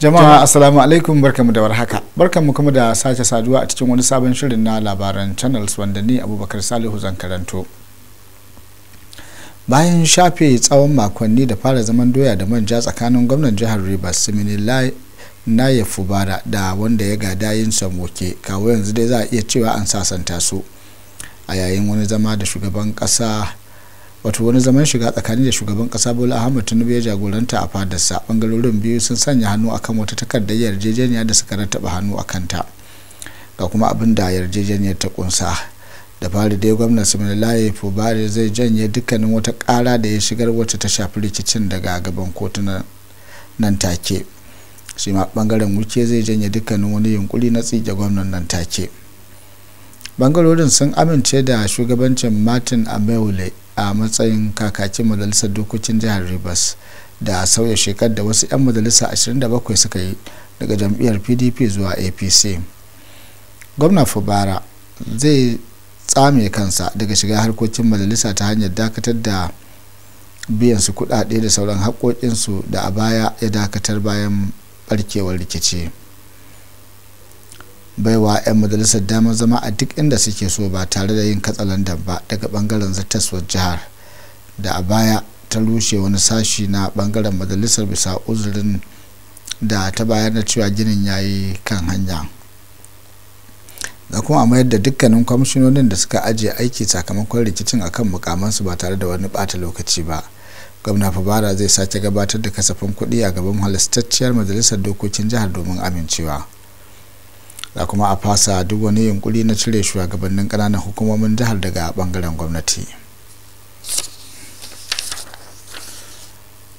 jama'a asalamu alaikum barkamu da warhaka barkamu kuma da sake saduwa a cikin wani sabon shirin na labaran channels wanda ni abubakar salihu zan karanto bayan shafe tsawon makonni da fara zaman doya da manja tsakanin gwamnan jihar rivers siminilai na ya fubara da wanda ya gada yin samoke kawo yanzu dai za a iya cewa an sasanta su a yayin wani zama da shugaban kasa wato wani zaman shiga tsakani da shugaban kasa bola ahmad tinubu ya jagoranta a fadarsa bangarorin biyu sun sanya hannu akan wata takardar yarjejeniya da suka rattaba hannu a kanta ga kuma abin da yarjejeniyar ta kunsa da fari dai gwamnan similaye fubari zai janye dukkanin wata kara da ya shigar wacce ta shafi rikicin daga gaban kotunan nan take shi ma bangaren wuce zai janye dukkanin wani yunkuri na tsige gwamnan nan take bangarorin sun amince da shugabancin martin amewule a matsayin kakakin majalisar dokokin jihar rivers da sauya shekar da wasu 'yan majalisa 27 suka yi daga jam'iyyar pdp zuwa apc gwamna fubara zai tsame kansa daga shiga harkokin majalisa ta hanyar dakatar da biyan su kudade da sauran haƙoƙinsu da a baya ya dakatar bayan barkewar rikici. baiwa 'yan majalisar damar zama a duk inda suke so ba tare da yin katsalandan ba daga bangaren zartaswar jihar da a baya ta rushe wani sashi na bangaren majalisar bisa uzurin da ta bayar da cewa ginin ya yi kan hanya da kuma a mayar da dukkanin kwamishinonin da suka ajiye aiki sakamakon rikicin akan mukamansu ba tare da wani bata lokaci ba gwamna fabara zai sake gabatar da kasafin kuɗi a gaban halastacciyar majalisar dokokin jihar domin amincewa za kuma a fasa duk wani yunkuri na cire shugabannin ƙananan hukumomin jihar daga bangaren gwamnati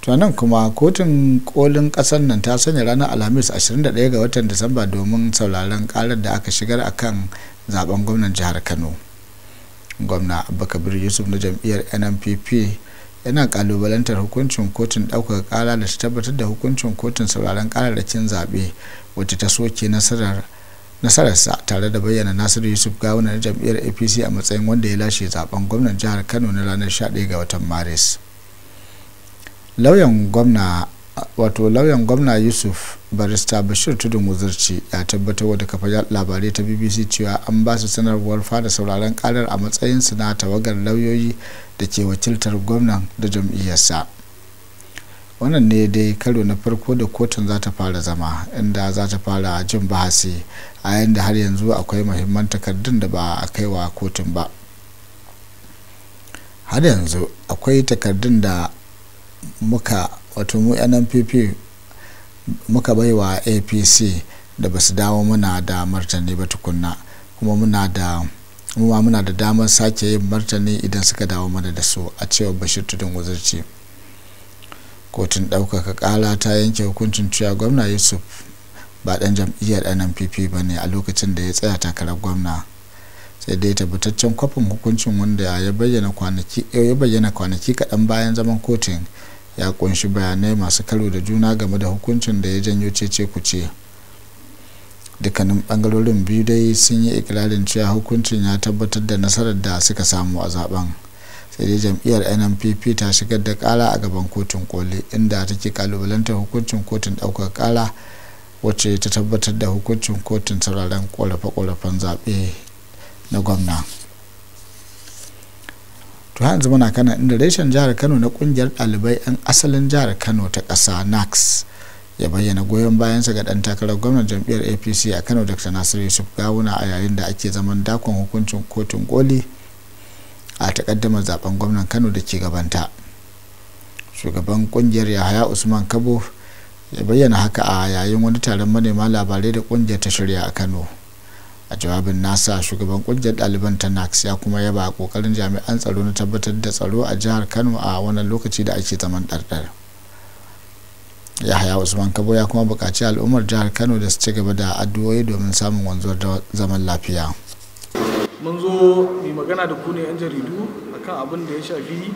tunanin kuma kotun kolin kasar nan ta sanya ranar alhamis 21 ga watan disamba domin sauraron karar da aka shigar a kan zaben gwamnan jihar kano gwamna abubakar yusuf na jam'iyyar nnpp yana kalubalantar hukuncin kotun ɗaukar kara da ta tabbatar da hukuncin kotun sauraron kararrakin zaɓe wacce ta soke nasarar nasararsa tare da bayyana nasiru yusuf gawuna na jam'iyyar apc a matsayin wanda ya lashe zaben gwamnan jihar kano na ranar 11 ga watan maris lauyan gwamna wato lauyan gwamna yusuf barista bashir tudun muzurci ya tabbatar da kafa labarai ta bbc cewa an ba su sanarwar fada sauraron karar a matsayinsu na tawagar lauyoyi da ke wakiltar gwamnan da jam'iyyarsa wannan ne dai karo na farko da kotun za ta fara zama inda za ta fara jin bahasi a yayin har yanzu akwai muhimman takardun da ba a kai wa kotun ba har yanzu akwai takardun da muka wato mu nnpp muka baiwa apc da ba su dawo muna da martani ba tukunna kuma muna da muna da damar sake yin martani idan suka dawo mana da su a cewar bashir tudun wuzurci kotun ɗaukaka ƙara ta yanke hukuncin cewa gwamna yusuf ba ɗan jam'iyyar nnpp ba ne a lokacin da ya tsaya takarar gwamna sai dai tabbataccen kwafin hukuncin wanda ya bayyana kwanaki kaɗan bayan zaman kotun ya kunshi bayanai masu karo da juna game da hukuncin da ya janyo cece kuce dukkanin bangarorin biyu dai sun yi ikirarin cewa hukuncin ya tabbatar da nasarar da suka samu a zaben sai dai jam'iyyar nnpp ta shigar da kara a gaban kotun koli inda take kalubalantar hukuncin kotun daukar kara wacce ta tabbatar da hukuncin kotun sauraren korafe-korafen zaɓe na gwamna to har yanzu muna kana inda reshen jihar kano na kungiyar ɗalibai 'yan asalin jihar kano ta ƙasa nax ya bayyana goyon bayansa ga ɗan takarar gwamnan jam'iyyar apc a kano dr nasiru yusuf gawuna a yayin da ake zaman dakon hukuncin kotun koli a takaddamar zaben gwamnan kano da ke gabanta shugaban kungiyar yahaya usman kabo ya bayyana haka a yayin wani taron manema labarai da kungiyar ta shirya a kano a jawabin nasa shugaban kungiyar ɗaliban ta nax ya kuma yaba kokarin jami'an tsaro na tabbatar da tsaro a jihar kano a wannan lokaci da ake zaman ɗarɗar yahaya usman kabo ya kuma buƙaci al'ummar jihar kano da su ci gaba da addu'o'i domin samun wanzuwar zaman lafiya mun zo mai magana da ku ne 'yan jaridu akan abin da ya shafi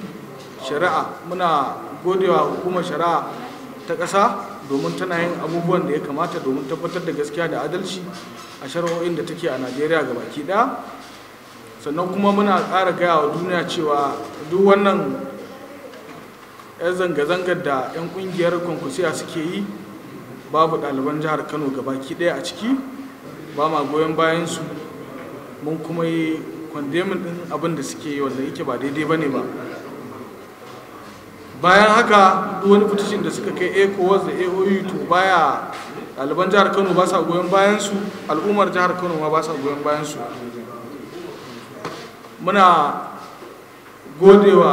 shari'a muna godewa hukumar shari'a ta ƙasa domin tana yin abubuwan da ya kamata domin tabbatar da gaskiya da adalci a shari'o'in da take a najeriya ga baki ɗaya sannan kuma muna ƙara gaya wa duniya cewa duk wannan 'yan zanga-zangar da 'yan ƙungiyar kwankwasiya suke yi babu ɗaliban jihar kano ga baki ɗaya a ciki ba ma goyon bayan su. mun kuma yi kwandemin din abin da suke yi wanda yake ba daidai ba ne ba bayan haka wani fitishin da suka kai ecowas da aoe to baya ɗaliban jihar kano ba sa goyon bayansu al'ummar jihar kano ma ba sa goyon bayansu muna godewa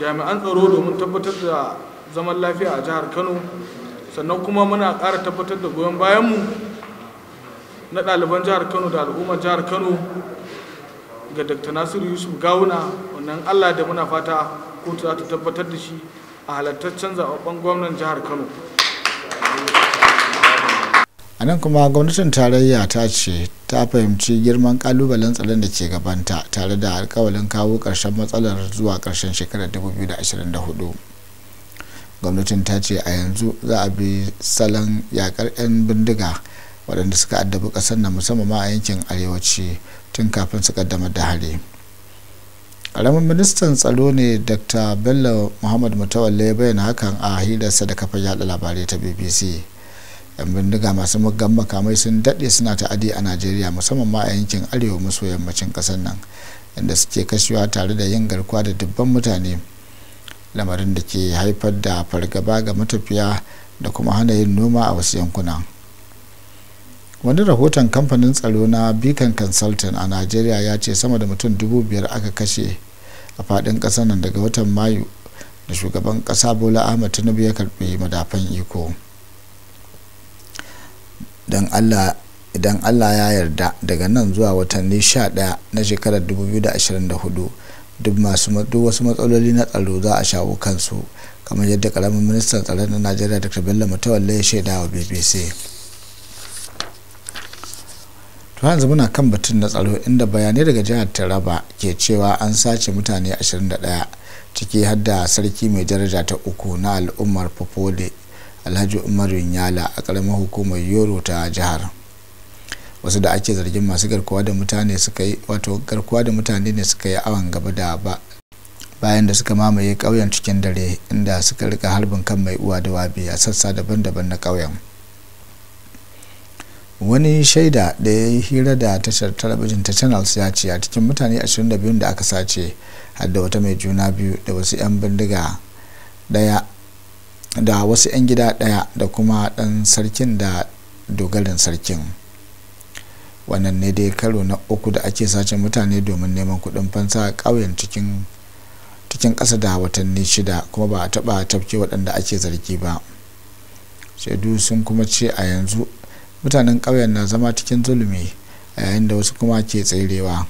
jami'an tsaro domin tabbatar da zaman lafiya a jihar kano sannan kuma muna ƙara tabbatar da goyon bayanmu na ɗaliban jihar kano da al'ummar jihar kano ga dr nasiru yusuf gawuna wannan allah da muna fata kotu za ta tabbatar da shi a halartaccen zaɓaɓɓen gwamnan jihar kano a nan kuma gwamnatin tarayya ta ce ta fahimci girman kalubalen tsaron da ke gabanta tare da alkawalin kawo ƙarshen matsalar zuwa ƙarshen shekarar 2024 gwamnatin ta ce a yanzu za a bi salon yakar 'yan bindiga waɗanda suka addabi ƙasar na musamman ma a yankin arewaci tun kafin su kaddamar da hari ƙaramin ministan tsaro ne dr bello muhammad mutawalle ya bayyana hakan a hirarsa da kafar yaɗa labarai ta bbc yan bindiga masu muggan makamai sun daɗe suna ta'adi a najeriya musamman ma a yankin arewa maso yammacin ƙasar nan inda suke kashewa tare da yin garkuwa da dubban mutane lamarin da ke haifar da fargaba ga matafiya da kuma hana yin noma a wasu yankunan wani rahoton kamfanin tsaro na beacon consulting a nigeria ya ce sama da mutum dubu biyar aka kashe a fadin kasar nan daga watan mayu da shugaban kasa bola ahmed tinubu ya karbi madafan iko don allah idan allah ya yarda daga nan zuwa watanni 11 na shekarar 2024 duk masu duk wasu matsaloli na tsaro za a shawo kansu kamar yadda karamin ministan tsaron na najeriya dr bello mutawalle ya shaida wa bbc to yanzu muna kan batun na tsaro inda bayanai daga jihar taraba ke cewa an sace mutane 21 ciki har da sarki mai daraja ta uku na al'ummar popole alhaji umaru yala a ƙaramin hukumar yoro ta jihar wasu da ake zargin masu garkuwa da mutane suka yi wato garkuwa da mutane ne suka yi awon gaba da ba bayan da suka mamaye ƙauyen cikin dare inda suka rika harbin kan mai uwa da wabi a sassa daban-daban na ƙauyen wani shaida da ya yi hira da tashar talabijin ta channels ya ce a cikin mutane 22 da aka sace hadda wata mai juna biyu da wasu 'yan bindiga daya da wasu 'yan gida daya da kuma dan sarkin da dogarin sarkin wannan ne dai karo na uku da ake sace mutane domin neman kudin fansa a ƙauyen cikin cikin ƙasa da watanni shida kuma ba a taba tafke waɗanda ake zargi ba shaidu sun kuma ce a yanzu mutanen ƙauyen na zama cikin zulumi yayin da wasu kuma ke tserewa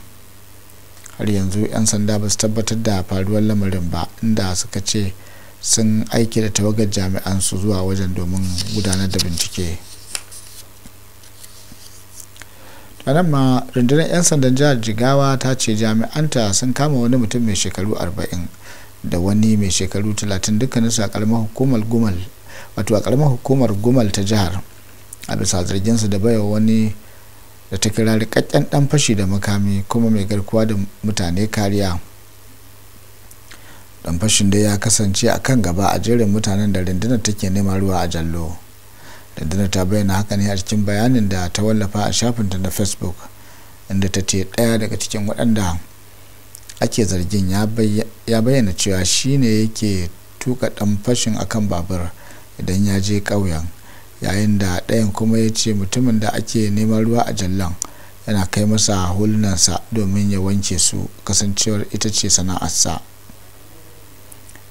har yanzu 'yan sanda ba su tabbatar da faruwar lamarin ba inda suka ce sun aiki da tawagar jami'an su zuwa wajen domin gudanar da bincike nan ma rundunar 'yan sandan jihar jigawa ta ce jami'anta sun kama wani mutum mai shekaru 40 da wani mai shekaru 30 su a karamar hukumar gumal wato a karamar hukumar gumal ta jihar a bisa zarginsa da baiwa wani da ta kira rikakken dan fashi da makami kuma mai garkuwa da mutane kariya dan fashin dai ya kasance a kan gaba a jerin mutanen da rundunar take neman ruwa a jallo rundunar ta bayyana haka ne a cikin bayanin da ta wallafa a shafinta na facebook inda ta ce ɗaya daga cikin waɗanda ake zargin ya bayyana cewa shine yake tuka dan fashin akan babur idan ya je ƙauyen yayin da ɗayan kuma ya ce mutumin da ake neman ruwa a jallan yana kai masa hulunansa domin ya wanke su kasancewar ita ce sana'arsa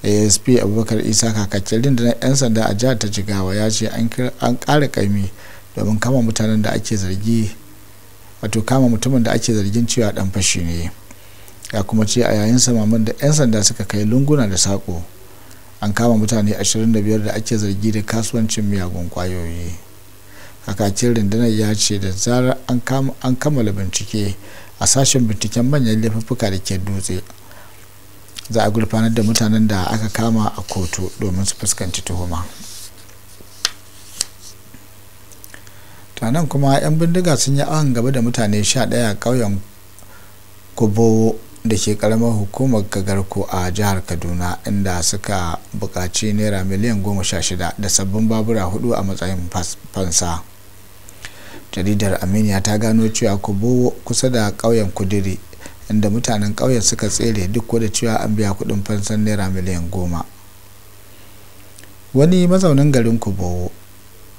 asp abubakar isa kakakin rundunar 'yan sanda a jihar ta jigawa ya ce an ƙara kaimi domin kama mutanen da ake zargi wato kama mutumin da ake zargin cewa dan fashi ne ya kuma ce a yayin samamin da 'yan sanda suka kai lunguna da saƙo an kama mutane 25 da ake zargi da kasuwancin miyagun kwayoyi kakakin rundunar ya ce da zarar an kammala bincike a sashen binciken manyan laifuffuka da ke dutse za a gurfanar da mutanen da aka kama a kotu domin su fuskanci tuhuma nan kuma 'yan bindiga sun yi awon gaba da mutane 11 a ƙauyen kobo. da ke karamar hukumar gagarku a jihar kaduna inda suka bukaci naira miliyan goma sha shida da sabbin babura hudu a matsayin fansa jaridar aminiya ta gano cewa kubo kusa da ƙauyen kudiri inda mutanen ƙauyen suka tsere duk da cewa an biya kudin fansan naira miliyan goma wani mazaunin garin kubowo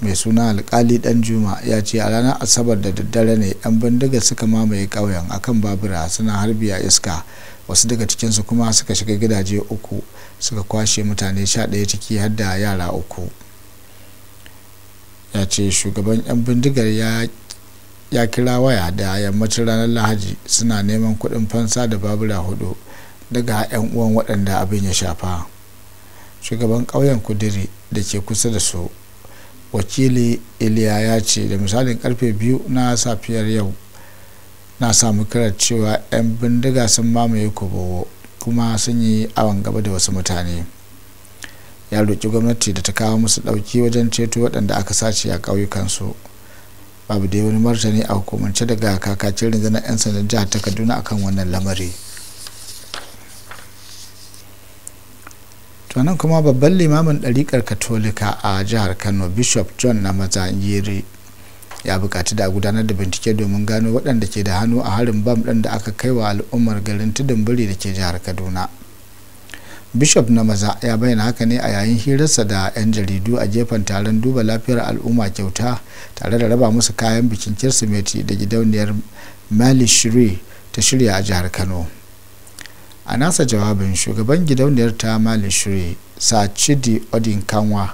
mai suna alkali dan juma ya ce a ranar asabar da daddare ne yan bindiga suka mamaye ƙauyen akan babura suna harbi a iska wasu daga cikinsu kuma suka shiga gidaje uku suka kwashe mutane sha ɗaya ciki har da yara uku ya ce shugaban 'yan bindigar ya kira waya da yammacin ranar lahaji suna neman kuɗin fansa da babura hudu daga 'yan uwan waɗanda abin ya shafa shugaban ƙauyen kudiri da ke kusa da su wakili iliya ya ce da misalin karfe biyu na safiyar yau na samu kira cewa 'yan bindiga sun mamaye kobowo kuma sun yi awon gaba da wasu mutane ya roƙi gwamnati da ta kawo musu ɗauki wajen ceto waɗanda aka sace a ƙauyukansu babu dai wani martani a hukumance daga kakakin rundunar 'yan sanda jihar ta kaduna akan wannan lamari to nan kuma babban limamin ɗariƙar katolika a jihar kano bishop john na maza ya bukaci da gudanar da bincike domin gano waɗanda ke da hannu a harin bam ɗin da aka kai wa al'ummar garin tudun biri da ke jihar kaduna bishop na maza ya bayyana haka ne a yayin hirarsa da 'yan jaridu a gefen taron duba lafiyar al'umma kyauta tare da raba musu kayan bikin kirsimeti da gidauniyar malishri ta shirya a jihar kano a nasa jawabin shugaban gidauniyar ta mali shiri chidi odin kanwa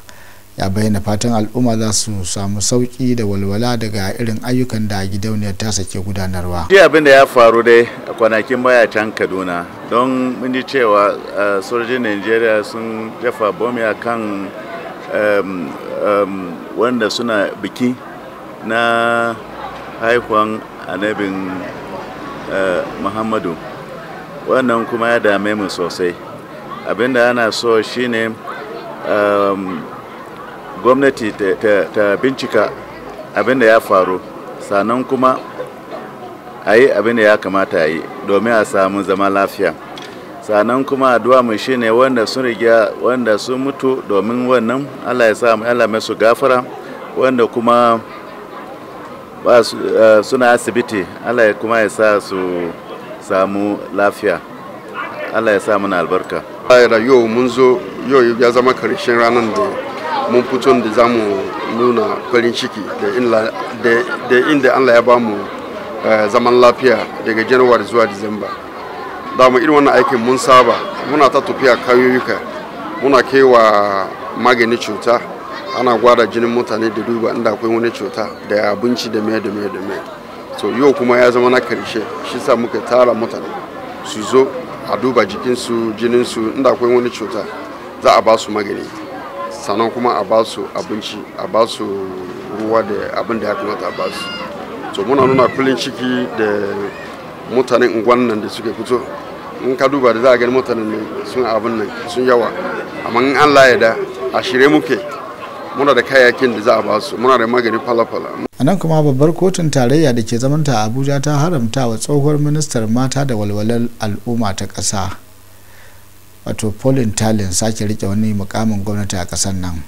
ya bayyana fatan al'umma za su samu sauki da walwala daga irin ayyukan da gidauniyar ta sake gudanarwa. Ji abin da ya faru dai a kwanakin baya can Kaduna don mun ji cewa eh, sojojin nigeria sun jefa bomi a kan wanda suna biki na haihuwan annabin eh, Muhammadu. wannan kuma ya dame mu sosai abinda ana so shine um, gwamnati ta, ta, ta bincika abinda ya faru sannan kuma a yi abinda ya kamata yi domin a samu zama lafiya sannan kuma addu'a mu shine wanda sun rigya wanda sun mutu domin wannan allah ya sa allah masu gafara wanda kuma ba, uh, suna asibiti allah ya kuma ya sa su samu lafiya allah ya samu mana albarka yau mun zo yau ya zama karshen ranar da mun fito da za nuna farin ciki da inda allah ya ba mu eh, zaman lafiya daga januwar zuwa disamba mu irin wannan aikin mun saba muna ta tafiya kayoyuka muna kewa magani cuta ana gwada jinin mutane da duba inda akwai wani cuta da abinci da me da me da me to yau kuma ya zama na karshe shi sa muka tara mutane su zo a duba jikinsu jininsu inda akwai wani cuta za a ba su magani sannan kuma a ba su abinci a ba su ruwa da abin da ya kamata a ba su to muna nuna kulin ciki da mutanen unguwan nan da suke fito in ka duba da za a gani mutanen sun abin nan sun yawa amma in da a shirye muke muna da kayakin da za a basu muna da magani falafala a nan kuma babbar kotun tarayya da ke zamanta abuja ta haramta wa tsohuwar ministar mata da walwalar al'umma ta ƙasa wato polin talin sake rike wani mukamin gwamnati a ƙasar nan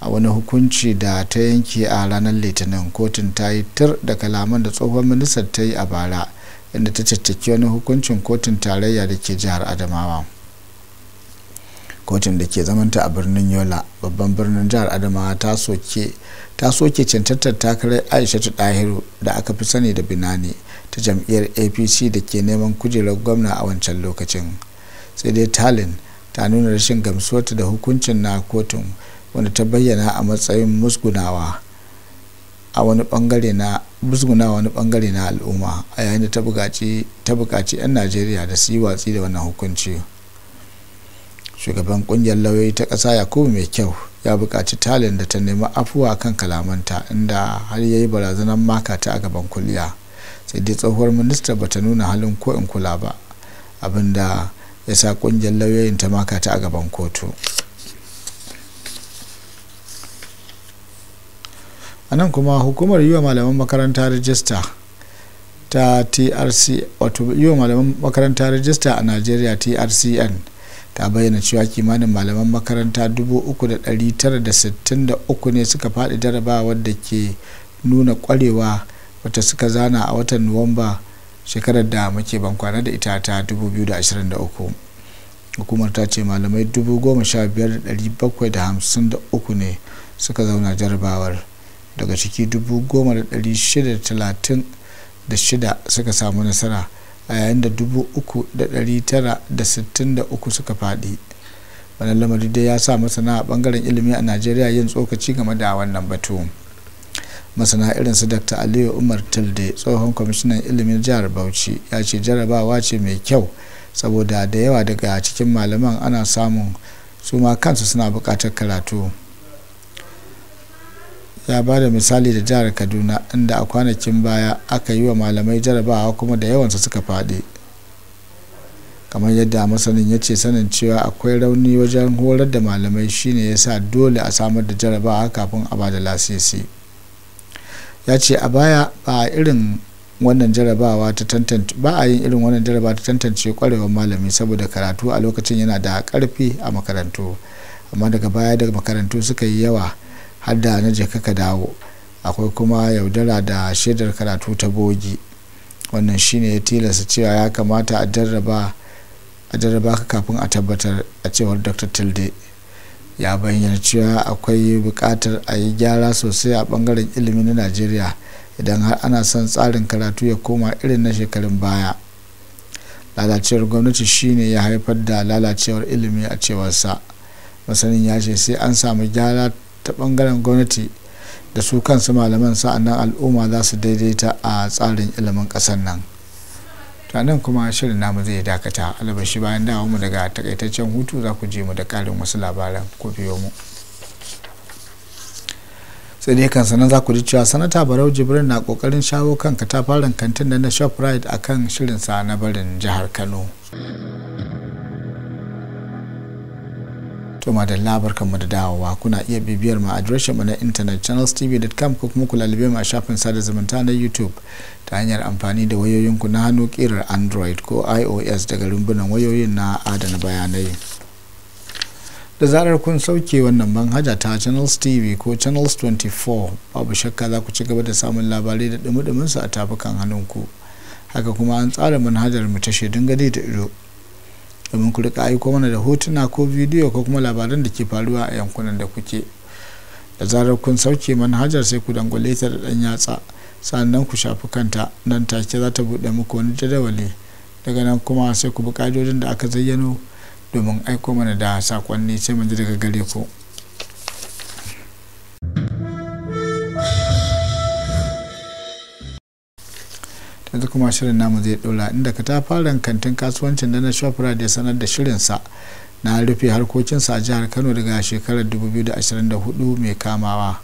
a wani hukunci da ta yanke a ranar litinin kotun ta yi tir da kalaman da tsohuwar ministar ta yi a bara inda ta caccaki wani hukuncin kotun tarayya da ke jihar adamawa kotun da ke zamanta a birnin yola babban birnin jihar adamawa ta soke cancantar takarar aishatu dahiru da aka fi sani da binani ta jam'iyyar apc da ke neman kujerar gwamna a wancan lokacin sai dai talin ta nuna rashin gamsuwarta da hukuncin na kotun wanda ta bayyana a matsayin musgunawa a wani bangare na musguna wani bangare na al'umma a yayin da ta bukaci 'yan najeriya da su yi watsi da wannan hukunci shugaban kungiyar lauyoyi ta ƙasa yakubu mai kyau ya bukaci talin da ta nemi afuwa kan kalamanta inda har ya yi barazanar maka ta a gaban kuliya sai dai tsohuwar minista ba ta nuna halin ko in kula ba abinda ya sa kungiyar lauyoyin ta maka ta a gaban kotu a nan kuma hukumar yi wa malaman makaranta rajista ta trc wato yi wa malaman makaranta rajista a najeriya trcn ta bayyana cewa kimanin malaman makaranta 3,963 ne suka faɗi jarabawar da ke nuna kwarewa wata suka zana a watan nuwamba shekarar da muke bankwana da ita ta 2023 hukumar ta ce malamai 15,753 ne suka zauna jarabawar daga ciki shida suka samu nasara a yayin da tara da da sittin uku suka faɗi wannan lamari dai ya sa masana a bangaren ilimi a najeriya yin tsokaci game da wannan batu masana irinsu dr aliyu umar tilde tsohon kwamishinan ilimin jihar bauchi ya ce jarabawa ce mai kyau saboda da yawa daga cikin malaman ana samun su ma kansu suna buƙatar karatu ya ba da misali da jihar kaduna inda a kwanakin baya aka yi wa malamai jarabawa kuma da yawansa suka fadi kamar yadda masanin ya ce sanin cewa akwai rauni wajen horar da malamai shine ya sa dole a samar da jarabawa kafin a ba da lasisi ya ce a baya ba a irin wannan jarabawa ta tantance ba a yin irin wannan jarabawa ta tantance kwarewar malami saboda karatu a lokacin yana da karfi a makarantu amma daga baya daga makarantu suka yi yawa har da na jaka ka dawo akwai kuma yaudara da shaidar karatu ta bogi wannan shine ya tilasta cewa ya kamata a jarraba ka kafin a tabbatar a cewar dr tilde ya bayyana cewa akwai bukatar a yi gyara sosai a bangaren ilimi na najeriya idan har ana son tsarin karatu ya koma irin na shekarun baya lalacewar gwamnati shine ya haifar da lalacewar ilimi a cewarsa masanin ya sai an samu gyara ta bangaren gwamnati da su kansu malaman sa'annan al'umma za su daidaita a tsarin ilimin ƙasar nan nan kuma shirin namu zai dakata albashi bayan dawo mu daga takaitaccen hutu za ku je mu da karin wasu labaran ko biyo mu sai dai kansa sanan za ku ji cewa sanata barau jibrin na kokarin shawo kan katafaren kantin da na shoprite kan shirinsa na barin jihar kano to madalla barkanmu da dawowa kuna iya bibiyar ma adireshin mu na intanet channelstv.com ko kuma ku lalube mu a shafin sada zumunta na youtube ta hanyar amfani da wayoyin ku na hannu kirar android ko ios daga rumbunan wayoyin na adana bayanai da zarar kun sauke wannan manhaja ta channels tv ko channels 24 babu shakka za ku ci gaba da samun labarai da dumi-duminsu a tafukan hannunku haka kuma an tsara manhajar mu ta shaidun gadi da ido domin ku rika aiko mana da hotuna ko bidiyo ko kuma labaran da ke faruwa a yankunan da kuke da zarar kun sauke manhajar sai ku dangwale ta da dan yatsa sannan ku shafi kanta nan take za ta buɗe muku wani jadawali daga nan kuma sai ku bi ka'idodin da aka zayyano domin aiko mana da sakonni sai mun ji daga gare ku. yanzu kuma shirin namu zai dora inda katafaren kantin kasuwancin da na shoprite ya sanar da shirinsa na rufe harkokinsa a jihar kano daga shekarar 2024 mai kamawa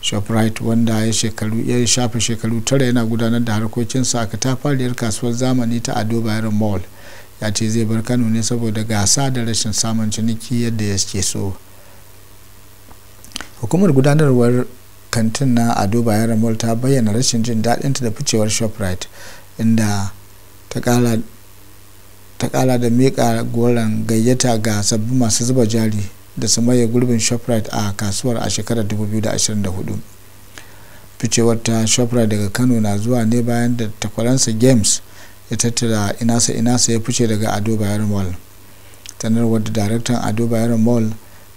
shoprite wanda ya shekaru ya shekaru tara yana gudanar da harkokinsa a katafariyar kasuwar zamani ta ado bayan mall ya ce zai bar kano ne saboda gasa da rashin samun ciniki yadda ya ke so hukumar gudanarwar kantin na ado bayan mall ta bayyana rashin jin daɗinta da ficewar shoprite inda ta kala da miƙa goron gayyata ga sabbin masu zuba jari da su maye gurbin shoprite a kasuwar a shekarar 2024 ficewar ta shoprite daga kano na zuwa ne bayan da takwaransa games ya tattara inasa inasa ya fice daga ado bayan mall sanarwar da daraktan ado bayan mall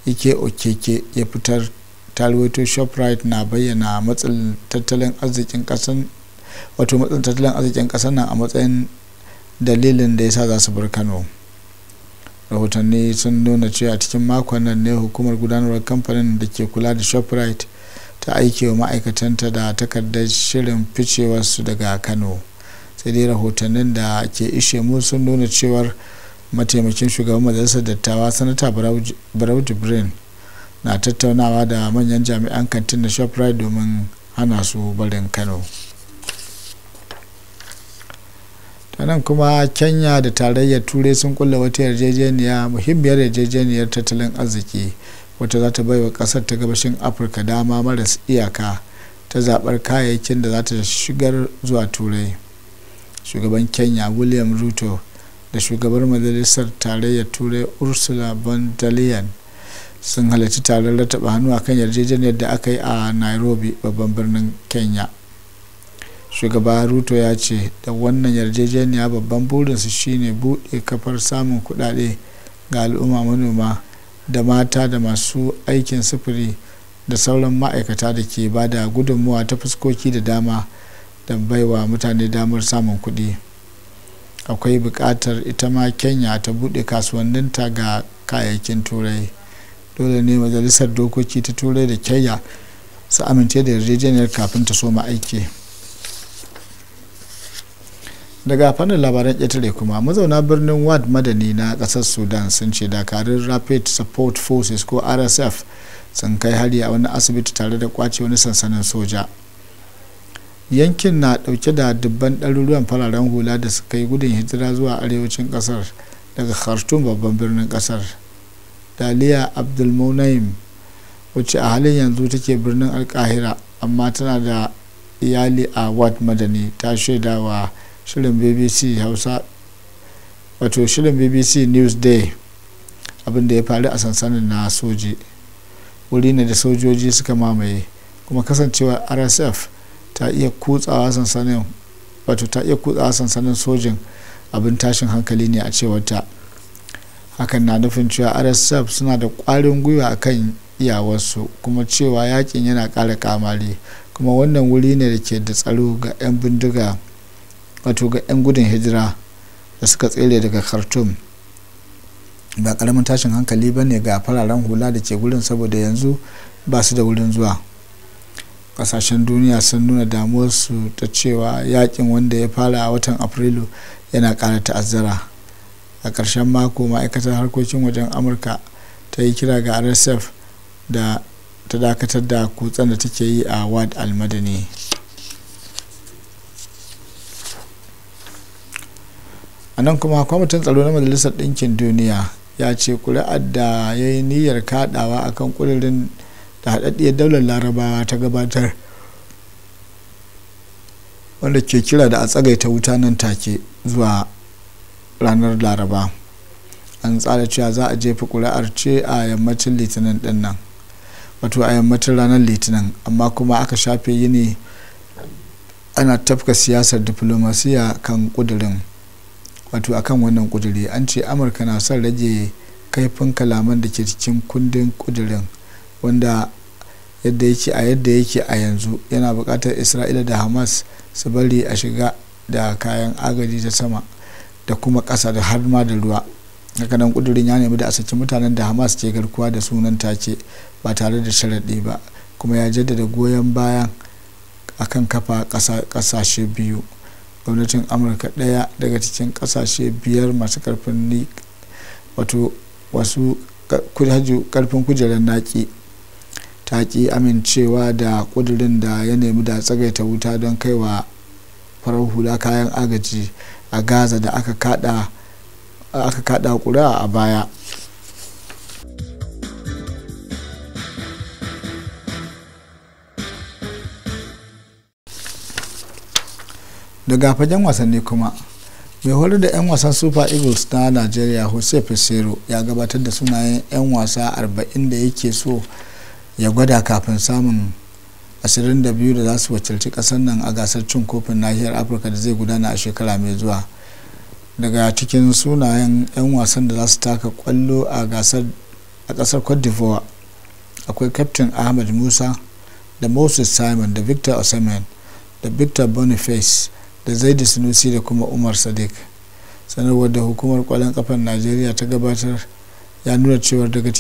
ike okeke ya fitar ta shoprite na bayyana matsin tattalin arzikin kasan wato arzikin kasan nan a matsayin dalilin da ya sa za su bar kano rahotanni sun nuna cewa cikin makon ne hukumar gudanarwar kamfanin da ke kula da shoprite ta aike wa ma'aikatanta da takardar shirin ficewarsu daga kano sai dai rahotannin da ke ishe mu sun nuna cewar mataimakin shugaban majalisar dattawa sanata barau jibrin na tattaunawa da manyan jami'an kantin da shoprite domin hana su barin kano nan kuma kenya da tarayyar turai sun kulla wata yarjejeniya muhimmiyar yarjejeniyar tattalin arziki wata za ta bai wa kasar ta gabashin afirka dama maras iyaka ta zabar kayayyakin da za ta shigar zuwa turai shugaban kenya william ruto da shugabar majalisar tarayyar turai ursula von der leyen sun halarci taron rattaba hannu a kan yarjejeniyar da aka yi a nairobi babban birnin kenya shugaba ruto ya ce da wannan yarjejeniya babban burinsu shine buɗe kafar samun kuɗaɗe ga al'umma manoma da mata da masu aikin sufuri da sauran ma'aikata da ke ba da gudunmuwa ta fuskoki da dama da baiwa mutane damar samun kuɗi akwai buƙatar ita ma kenya ta buɗe kasuwanninta ga kayayyakin turai dole ne majalisar dokoki ta turai da kenya su amince da yarjejeniyar kafin ta soma aiki daga fannin labaran ƙetare kuma mazauna birnin ward madani na ƙasar sudan sun ce dakarun rapid support forces ko rsf sun kai hari a wani asibiti tare da kwace wani sansanin soja yankin na dauke da dubban ɗaruruwan fararen hula da suka yi gudun hijira zuwa arewacin ƙasar daga khartoum babban birnin ƙasar daliya abdulmunaim wacce a halin yanzu take birnin alkahira amma tana da iyali a wat madani ta shaida wa shirin bbc hausa wato shirin bbc newsday abinda ya faru a sansanin na soji wuri ne da sojoji suka mamaye kuma kasancewar rsf ta iya kutsawa sansanin wato ta iya kutsawa sansanin sojin abin tashin hankali ne a cewarta hakan na nufin cewa rsf suna da kwarin gwiwa a kan iyawarsu kuma cewa yakin yana kara kamari kuma wannan wuri ne da ke da tsaro ga 'yan bindiga wato ga 'yan gudun hijira da suka tsere daga khartoum ba karamin tashin hankali ba ne ga fararen hula da ke gurin saboda yanzu ba su da wurin zuwa kasashen duniya sun nuna damuwarsu ta cewa yakin wanda ya fara a watan afrilu yana ƙara ta'azzara a ƙarshen mako ma'aikatar harkokin wajen amurka ta yi kira ga rsf da ta dakatar da kutsen da take yi a wad almadani a nan kuma kwamitin tsaro na majalisar ɗinkin duniya ya ce kuri'ar da ya yi niyyar kaɗawa akan ƙudurin da haɗaɗɗiyar daular larabawa ta gabatar wanda ke kira da a tsagaita wuta nan take zuwa ranar laraba an tsara cewa za a jefa kuri'ar ce a yammacin litinin din nan wato a yammacin ranar litinin amma kuma aka shafe yini ana tafka siyasar diplomasiya kan kudurin wato akan wannan kuduri an ce amurka na son rage kaifin kalaman da ke cikin kundin kudirin wanda yadda yake a yadda yake a yanzu yana bukatar isra'ila da hamas su bari a shiga da kayan agaji ta sama da kuma ƙasa da har ma da ruwa nan kudurin ya nemi da asirci mutanen da hamas ke garkuwa da sunan take ba tare da sharaɗi ba kuma ya jaddada goyon bayan akan kafa ƙasashe biyu gwamnatin amurka ɗaya daga cikin ƙasashe biyar masu ƙarfin ni wato wasu ƙarfin kujerar naƙi ta ƙi amincewa da kudurin da ya nemi da tsagaita wuta don kaiwa farar hula kayan agaji a gaza da aka kada kura a baya daga fagen wasanni kuma mai horar da 'yan wasan super eagles na nigeria jose pesero ya gabatar da sunayen 'yan wasa 40 da yake so ya gwada kafin samun 22 da za su wakilci kasar nan a gasar cin kofin nahiyar afirka da zai gudana a shekara mai zuwa daga cikin sunayen 'yan wasan da za su taka kwallo a gasar a kasar cote d'ivoire akwai captain ahmed musa da moses simon da victor osimhen da victor boniface da zaidi sinusi da kuma umar sadiq sanarwar da hukumar kwallon kafar najeriya ta gabatar ya nuna cewar daga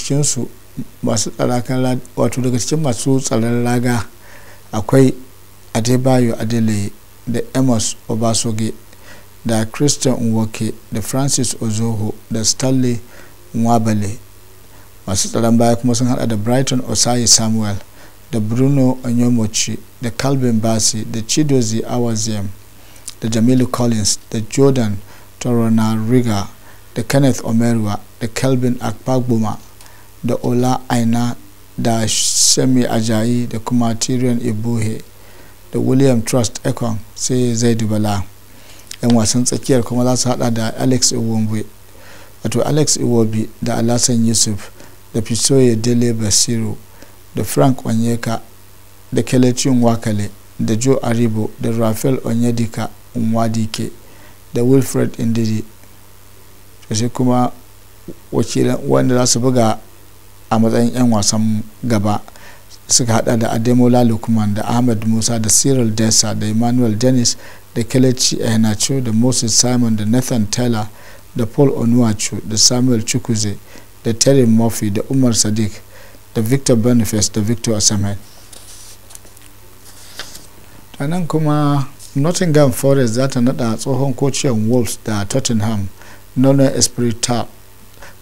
su masu tsaron raga akwai adebayo adelaye da amos obasoge da christian nwoke da francis ozoho da stanley nwabale masu tsaron baya kuma sun hada da brighton osayi samuel da bruno onyomochi da calvin basi da chidozi awaziem da jamilu collins da jordan toronariga da kenneth omerwa da kelvin akpagboma da ola aina da shemi ajayi da kuma tyrion ibuhe da william trust ekong sai zai bala yan wasan tsakiyar kuma za su hada da alex iwobi wato alex iwobi da alasan yusuf da fisoye dele basiru da frank onyeka da kelechin wakale da joe aribo da rafael onyedika nwadike da wilfred indidi sai kuma wakilan wanda za su buga a matsayin 'yan wasan gaba suka hada da ademola lukman da ahmed musa da cyril dessa da emmanuel dennis da kelechi ehnacho da moses simon da nathan taylor da paul onuachu da samuel chukwuze da terry murphy da umar sadiq da victor boniface da victor asamen nan kuma nottingham forest za ta nada tsohon kociyar wolves da tottenham nono espirita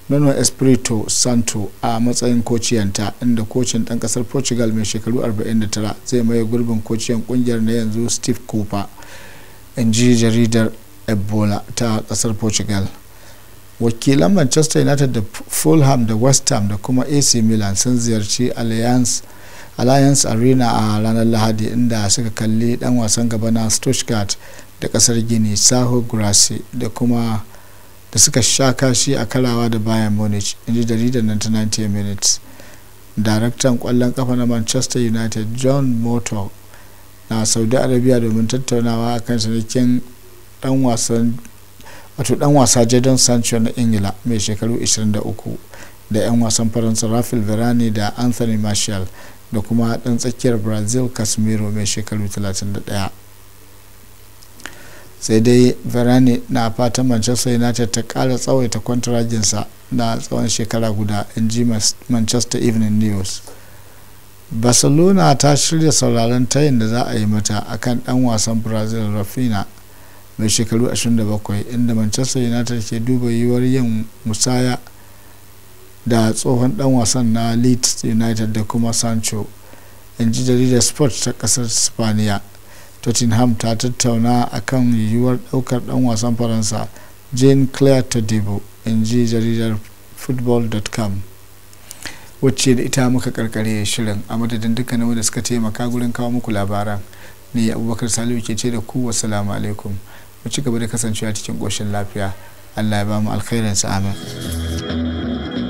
nono espirito santo a matsayin kociyanta inda kocin dan kasar portugal mai shekaru 49 zai maye gurbin kociyan kungiyar na yanzu steve cooper in ji jaridar ebola ta kasar portugal wakilan manchester united da fulham da west ham da kuma ac milan sun ziyarci alliance alliance arena a ranar lahadi inda suka kalli dan wasan gaba na stuttgart da kasar gini saho grassi da kuma da suka sha kashi a kalawa da bayan munich in ji jaridar nan ta 90 minutes daraktan kwallon kafa na manchester united john motor na saudi arabia domin tattaunawa kan sanakin dan wasan dan wasa jadon sancho na ingila mai shekaru 23 da 'yan wasan faransa rafael verani da anthony martial da kuma dan tsakiyar brazil casemiro mai shekaru 31 sai dai verani na fatan manchester united ta kara tsawaita kwantarajinsa na tsawon shekara guda in ji manchester evening news barcelona ta shirya sauraron tayin da za a yi mata a kan dan wasan brazil rafina mai shekaru 27 inda manchester united ke duba yiwuwar yin musaya da tsohon dan wasan na leeds united da kuma sancho in ji jaridar sport ta kasar spaniya tottenham ta tattauna a kan yiwuwar daukar dan wasan faransa jean claire tadebo in ji jaridar football.com wacce da ita muka karkare shirin a madadin dukkanin wanda suka taimaka gurin kawo muku labaran ne abubakar salihu ke ce da ku wasalamu alaikum mu ci gaba da kasancewa cikin koshin lafiya allah ya ba mu alkhairinsa amin